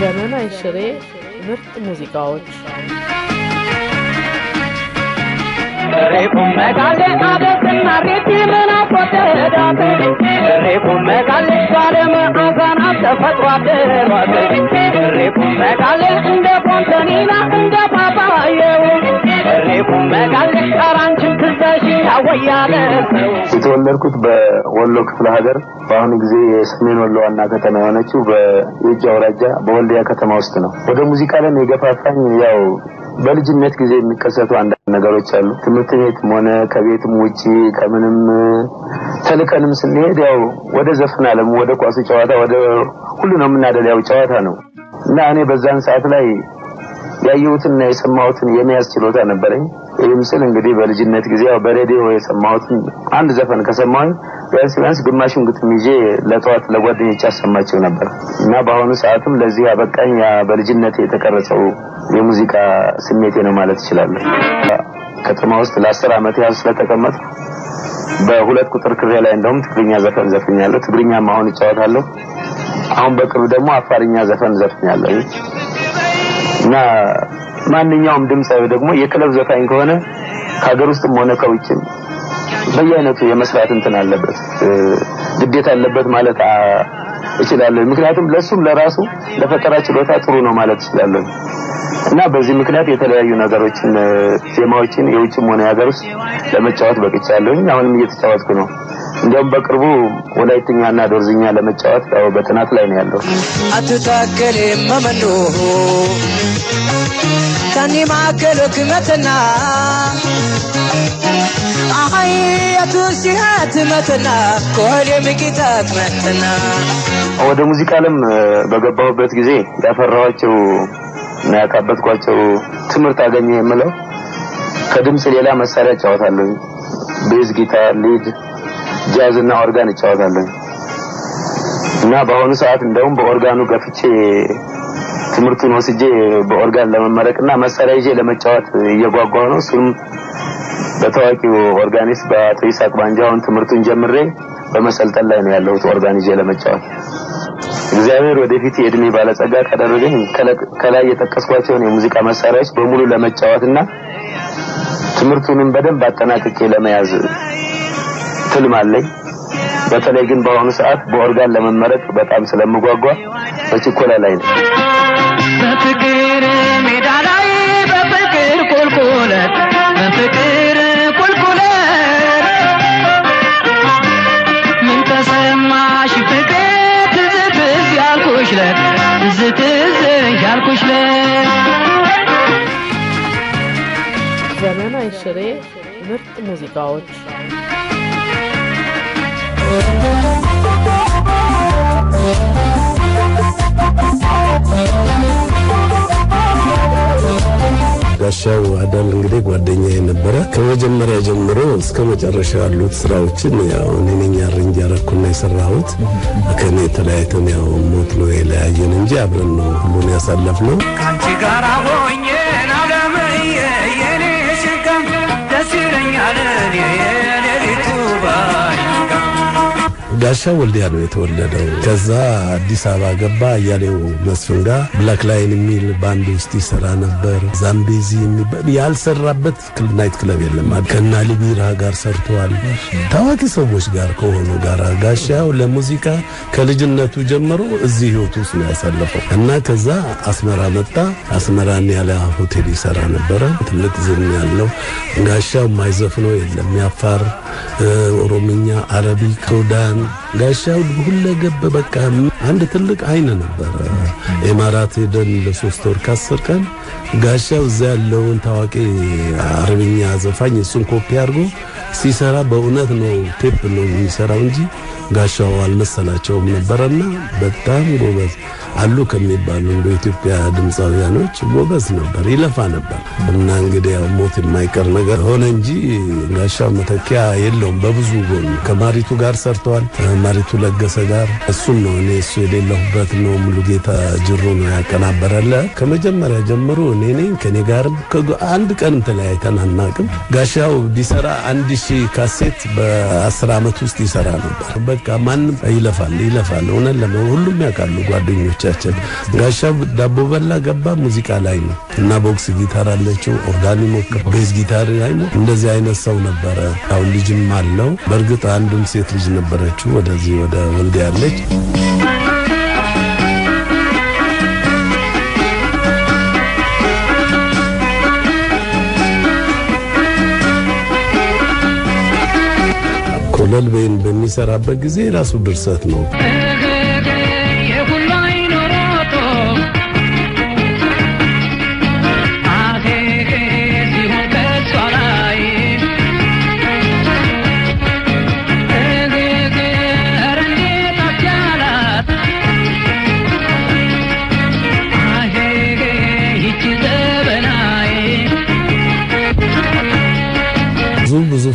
ዘመናዊ ሽሬ ምርጥ ሙዚቃዎች ሬቁ መቃሌ እንደ ፖንተኒና እንደ ፓፓየው የተወለድኩት በወሎ ክፍለ ሀገር በአሁኑ ጊዜ የሰሜን ወሎ ዋና ከተማ የሆነችው በየጅ አውራጃ በወልዲያ ከተማ ውስጥ ነው። ወደ ሙዚቃ ለም የገፋፋኝ ያው በልጅነት ጊዜ የሚከሰቱ አንዳንድ ነገሮች አሉ። ትምህርት ቤትም ሆነ ከቤትም ውጭ ከምንም ተልቀንም ስንሄድ ያው ወደ ዘፈን አለም፣ ወደ ኳሱ ጨዋታ፣ ወደ ሁሉ ነው የምናደል። ያው ጨዋታ ነው እና እኔ በዛን ሰዓት ላይ ያየሁትና የሰማሁትን የመያዝ ችሎታ ነበረኝ። ይህ ምስል እንግዲህ በልጅነት ጊዜ በሬዲዮ የሰማሁትን አንድ ዘፈን ከሰማሁኝ ቢያንስ ቢያንስ ግማሹን ግጥም ይዤ ለጠዋት ለጓደኞች አሰማቸው ነበር እና በአሁኑ ሰዓትም ለዚህ አበቃኝ በልጅነት የተቀረጸው የሙዚቃ ስሜቴ ነው ማለት እችላለሁ። ከተማ ውስጥ ለአስር ዓመት ያህል ስለተቀመጥ በሁለት ቁጥር ክሬ ላይ እንደውም ትግርኛ ዘፈን ዘፍኛለሁ። ትግርኛም አሁን እጫወታለሁ። አሁን በቅርብ ደግሞ አፋርኛ ዘፈን ዘፍኛለሁ እና ማንኛውም ድምፃዊ ደግሞ የክለብ ዘፋኝ ከሆነ ከሀገር ውስጥም ሆነ ከውጭም በየአይነቱ የመስራት እንትን አለበት ግዴታ አለበት ማለት እችላለሁ። ምክንያቱም ለሱም ለራሱ ለፈጠራ ችሎታ ጥሩ ነው ማለት እችላለሁ እና በዚህ ምክንያት የተለያዩ ነገሮችን ዜማዎችን የውጭም ሆነ የሀገር ውስጥ ለመጫወት በቅቻለሁኝ። አሁንም እየተጫወትኩ ነው። እንዲያውም በቅርቡ ወላይትኛና ዶርዝኛ ለመጫወት ያው በጥናት ላይ ነው ያለው። ሸኔ ማዕከል ህክመትና አሀይ የቱርሲያ ትመትና ኮህል የሚቂጠት መትና ወደ ሙዚቃ ዓለም በገባሁበት ጊዜ ያፈራኋቸው እና ያካበትኳቸው ትምህርት አገኘ የምለው ከድምጽ ሌላ መሳሪያ እጫወታለሁ። ቤዝ፣ ጊታር፣ ሊድ፣ ጃዝ እና ኦርጋን እጫወታለሁ እና በአሁኑ ሰዓት እንደውም በኦርጋኑ ገፍቼ ትምህርቱን ወስጄ በኦርጋን ለመመረቅና መሳሪያ ይዤ ለመጫወት እየጓጓ ነው። እሱም በታዋቂው ኦርጋኒስት በአቶ ይስሐቅ ባንጃውን ትምህርቱን ጀምሬ በመሰልጠን ላይ ነው ያለሁት ኦርጋን ይዤ ለመጫወት። እግዚአብሔር ወደፊት የእድሜ ባለጸጋ ካደረገኝ ከላይ የጠቀስኳቸውን የሙዚቃ መሳሪያዎች በሙሉ ለመጫወትና ትምህርቱንም በደንብ አጠናቅቄ ለመያዝ ትልም አለኝ። በተለይ ግን በአሁኑ ሰዓት በኦርጋን ለመመረቅ በጣም ስለምጓጓ በችኮላ ላይ ነው። በፍቅር ሜዳ ላይ በፍቅር ቁልቁለት በፍቅር ቁልቁለት ምን ተሰማሽ ፍቅር ትዝ ትዝ ያልኩሽ ትዝ ትዝ ያልኩሽ ዘመናዊ ሽሬ ምርጥ ሙዚቃዎች Thank you. ጋሻው አዳል እንግዲህ ጓደኛ የነበረ ከመጀመሪያ ጀምሮ እስከ መጨረሻ ያሉት ስራዎችን ያው እኔነኛ ርንጅ ያረኩና የሰራሁት ከኔ ተለያይተን ያው ሞት ነው የለያየን እንጂ አብረን ነው ሁሉን ያሳለፍ ነው። ከአንቺ ጋር ሆኜ ዓለም የኔ ሽቀም ደስ ይለኛል ጋሻ ወልዲያ ነው የተወለደው። ከዛ አዲስ አበባ ገባ። እያሌው መስፍን ጋር ብላክ ላይን የሚል ባንድ ውስጥ ይሰራ ነበር። ዛምቤዚ የሚባል ያልሰራበት ናይት ክለብ የለም። ከና ሊቢራ ጋር ሰርተዋል። ታዋቂ ሰዎች ጋር ከሆኑ ጋር ጋሻው ለሙዚቃ ከልጅነቱ ጀምሮ እዚህ ህይወቱ ውስጥ ነው ያሳለፈው እና ከዛ አስመራ መጣ። አስመራ ኒያላ ሆቴል ይሰራ ነበረ። ትልቅ ዝም ያለው ጋሻው የማይዘፍነው የለም። ያፋር፣ ኦሮምኛ፣ አረቢ፣ ሱዳን ጋሻው ሁለገብ በቃ አንድ ትልቅ አይን ነበረ። ኤማራት ሄደን ለሶስት ወር ከአስር ቀን ጋሻው እዛ ያለውን ታዋቂ አረብኛ ዘፋኝ እሱን ኮፒ አድርጎ ሲሰራ በእውነት ነው ቴፕ ነው የሚሰራው እንጂ ጋሻው አልመሰላቸውም ነበረና በጣም ጎበዝ አሉ ከሚባሉ እንደ ኢትዮጵያ ድምፃውያኖች ጎበዝ ነበር፣ ይለፋ ነበር እና እንግዲህ ያው ሞት የማይቀር ነገር ሆነ እንጂ ጋሻው መተኪያ የለውም። በብዙ ጎኑ ከማሪቱ ጋር ሰርተዋል፣ ማሪቱ ለገሰ ጋር እሱም ነው እኔ እሱ የሌለሁበት ነው። ጌታ ጅሩ ነው ያቀናበረለ። ከመጀመሪያ ጀምሮ እኔ ነኝ ከኔ ጋርም አንድ ቀን ተለያይተን አናቅም። ጋሻው ቢሰራ አንድ ሺህ ካሴት በአስር ዓመት ውስጥ ይሰራ ነበር። በቃ ማንም ይለፋል ይለፋል። እውነት ለመሆን ሁሉም ያውቃሉ ጓደኞች ወንድሞቻችን ጋሻ ዳቦ በላ ገባ ሙዚቃ ላይ ነው እና ቦክስ ጊታር አለችው፣ ኦርጋን ይሞክር፣ ቤዝ ጊታር ላይ ነው። እንደዚህ አይነት ሰው ነበረ። አሁን ልጅም አለው። በእርግጥ አንድም ሴት ልጅ ነበረችው ወደዚህ ወደ ወልድ ያለች ኮሎል በሚሰራበት ጊዜ የራሱ ድርሰት ነው።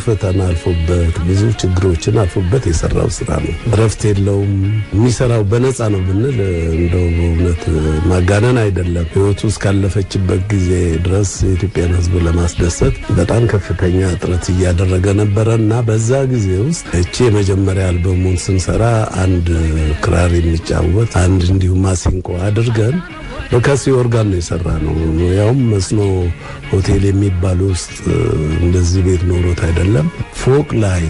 ውፍረታን አልፎበት ብዙ ችግሮችን አልፎበት የሰራው ስራ ነው። እረፍት የለውም። የሚሰራው በነፃ ነው ብንል እንደው በእውነት ማጋነን አይደለም። ህይወቱ እስካለፈችበት ጊዜ ድረስ የኢትዮጵያን ህዝብ ለማስደሰት በጣም ከፍተኛ ጥረት እያደረገ ነበረ እና በዛ ጊዜ ውስጥ እቺ የመጀመሪያ አልበሙን ስንሰራ አንድ ክራር የሚጫወት አንድ እንዲሁም ማሲንቆ አድርገን በካሲ ኦርጋን ነው የሰራ ነው። ያውም መስኖ ሆቴል የሚባል ውስጥ እንደዚህ ቤት ኖሮት አይደለም። ፎቅ ላይ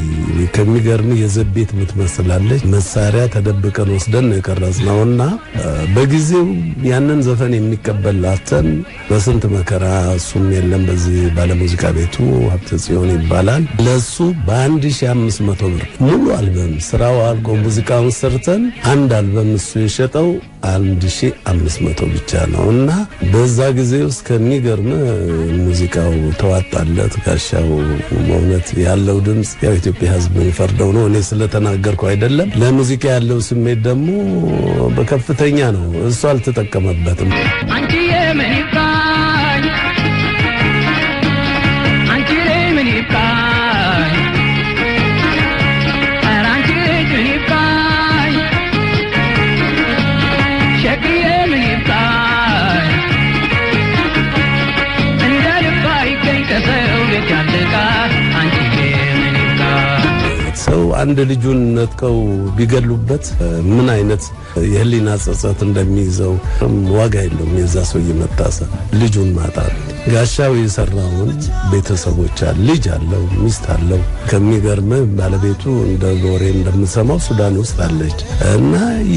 ከሚገርም የዘብ ቤት ምትመስላለች መሳሪያ ተደብቀን ወስደን ነው የቀረጽነው እና በጊዜው ያንን ዘፈን የሚቀበላተን በስንት መከራ እሱም የለም። በዚህ ባለሙዚቃ ቤቱ ሀብተ ጽዮን ይባላል። ለሱ በ1500 ብር ሙሉ አልበም ስራው አልቆ ሙዚቃውን ሰርተን አንድ አልበም እሱ የሸጠው 1500 ብር ብቻ ነው እና በዛ ጊዜ ውስጥ ከሚገርም ሙዚቃው ተዋጣለት። ጋሻው መውነት ያለው ድምፅ ያው ኢትዮጵያ ሕዝብ የሚፈርደው ነው። እኔ ስለተናገርኩ አይደለም። ለሙዚቃ ያለው ስሜት ደግሞ በከፍተኛ ነው። እሱ አልተጠቀመበትም። አንድ ልጁን ነጥቀው ቢገሉበት ምን አይነት የህሊና ጸጸት እንደሚይዘው ዋጋ የለውም። የዛ ሰው እየመጣሰ ልጁን ማጣት ጋሻው የሰራውን ቤተሰቦች ልጅ አለው፣ ሚስት አለው። ከሚገርም ባለቤቱ እንደ ወሬ እንደምሰማው ሱዳን ውስጥ አለች እና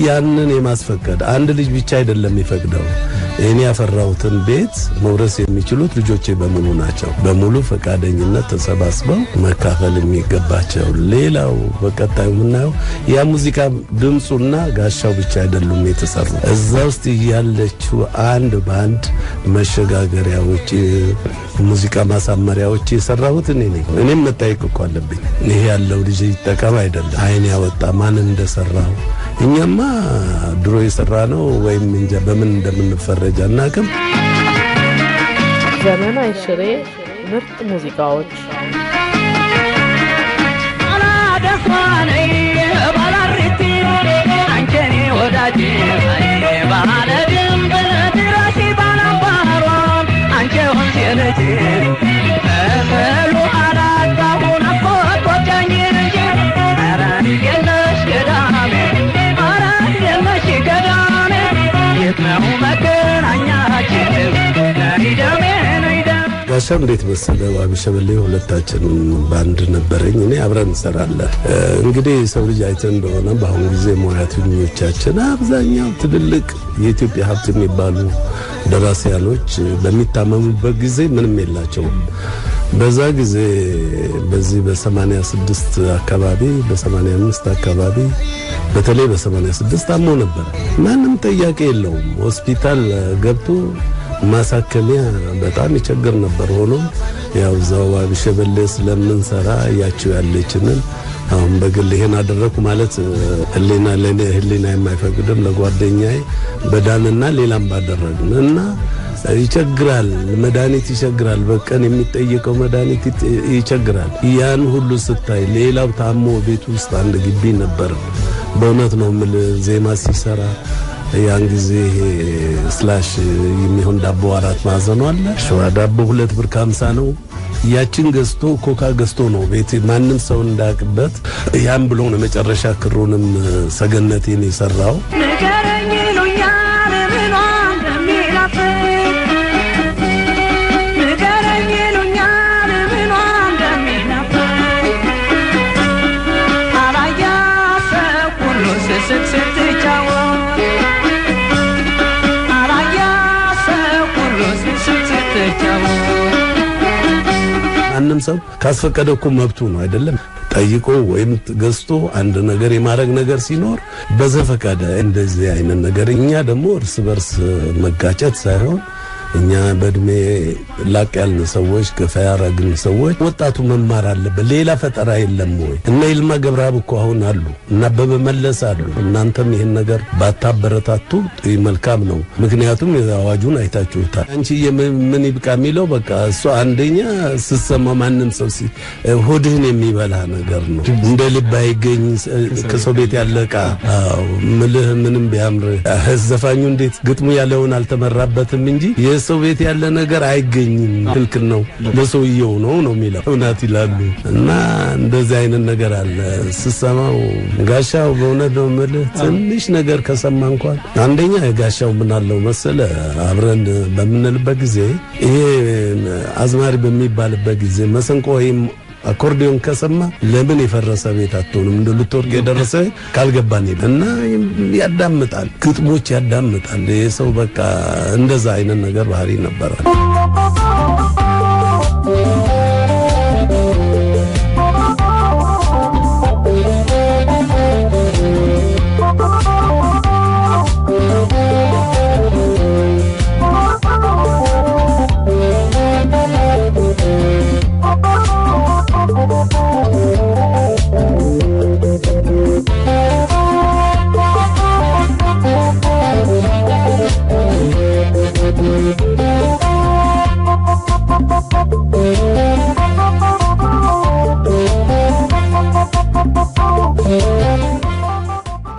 ያንን የማስፈቀድ አንድ ልጅ ብቻ አይደለም የሚፈቅደው። እኔ ያፈራሁትን ቤት መውረስ የሚችሉት ልጆቼ በሙሉ ናቸው። በሙሉ ፈቃደኝነት ተሰባስበው መካፈል የሚገባቸው። ሌላው በቀጣዩ የምናየው ያ ሙዚቃ ድምፁና ጋሻው ብቻ አይደሉም የተሰሩ እዛ ውስጥ እያለችው አንድ በአንድ መሸጋገሪያዎች ሙዚቃ ማሳመሪያዎች የሰራሁት እኔ ነኝ። እኔም መጠየቅ እኮ አለብኝ። ይሄ ያለው ልጅ ይጠቀም አይደለም አይን ያወጣ ማን እንደሰራው። እኛማ ድሮ የሰራ ነው ወይም እንጃ በምን እንደምንፈረጅ አናውቅም። ዘመናዊ ሽሬ ምርጥ ሙዚቃዎች አቢሻም እንዴት መሰለ አቢሻ በላይ ሁለታችን ባንድ ነበረኝ። እኔ አብረን እንሰራለን። እንግዲህ ሰው ልጅ አይተን እንደሆነ በአሁኑ ጊዜ ሙያተኞቻችን አብዛኛው ትልልቅ የኢትዮጵያ ሀብት የሚባሉ ደራሲያኖች በሚታመሙበት ጊዜ ምንም የላቸውም። በዛ ጊዜ በዚህ በ86 አካባቢ በ85 አካባቢ በተለይ በ86 አሞ ነበር። ማንም ጥያቄ የለውም ሆስፒታል ገብቶ ማሳከሚያ በጣም ይቸግር ነበር። ሆኖም ያው እዛው አብሸበሌ ስለምንሰራ እያቸው ያለችንን አሁን በግል ይሄን አደረኩ ማለት ህሊና ለኔ ህሊና የማይፈቅድም ለጓደኛዬ በዳንና ሌላም ባደረግን እና ይቸግራል። መድኃኒት ይቸግራል። በቀን የሚጠየቀው መድኃኒት ይቸግራል። ያን ሁሉ ስታይ ሌላው ታሞ ቤት ውስጥ አንድ ግቢ ነበር። በእውነት ነው ምል ዜማ ሲሰራ ያን ጊዜ ስላሽ የሚሆን ዳቦ አራት ማዕዘኑ አለ። ሸዋ ዳቦ ሁለት ብር ከሀምሳ ነው። ያችን ገዝቶ ኮካ ገዝቶ ነው ቤት ማንም ሰው እንዳቅበት። ያን ብሎ ነው መጨረሻ ክሩንም ሰገነቴን የሰራው ማንም ሰው ካስፈቀደ እኮ መብቱ ነው አይደለም? ጠይቆ ወይም ገዝቶ አንድ ነገር የማድረግ ነገር ሲኖር በዘፈቀደ እንደዚህ አይነት ነገር እኛ ደግሞ እርስ በርስ መጋጨት ሳይሆን እኛ በእድሜ ላቅ ያልን ሰዎች፣ ገፋ ያረግን ሰዎች ወጣቱ መማር አለበት። ሌላ ፈጠራ የለም ወይ? እነ ይልማ ገብረአብ እኮ አሁን አሉ እና አበበ መለስ አሉ። እናንተም ይህን ነገር ባታበረታቱ መልካም ነው። ምክንያቱም አዋጁን አይታችሁታል። አንቺ ምን ይብቃ የሚለው በቃ እሱ አንደኛ ስሰማ ማንም ሰው ሆድህን የሚበላ ነገር ነው። እንደ ልብ አይገኝ ከሰው ቤት ያለ እቃ ምልህ ምንም ቢያምር ዘፋኙ እንዴት ግጥሙ ያለውን አልተመራበትም እንጂ ሰው ቤት ያለ ነገር አይገኝም፣ ክልክል ነው፣ ለሰውየው ነው ነው የሚለው እውነት ይላሉ። እና እንደዚህ አይነት ነገር አለ ስሰማው ጋሻው በእውነት ነው የምልህ ትንሽ ነገር ከሰማ እንኳን አንደኛ ጋሻው ምናለው መሰለ አብረን በምንልበት ጊዜ ይሄ አዝማሪ በሚባልበት ጊዜ መሰንቆ ወይም አኮርዲዮን ከሰማ ለምን የፈረሰ ቤት አትሆንም እንደ ልትወርቅ የደረሰ ካልገባን እና ያዳምጣል፣ ግጥሞች ያዳምጣል። የሰው በቃ እንደዛ አይነት ነገር ባህሪ ነበራል።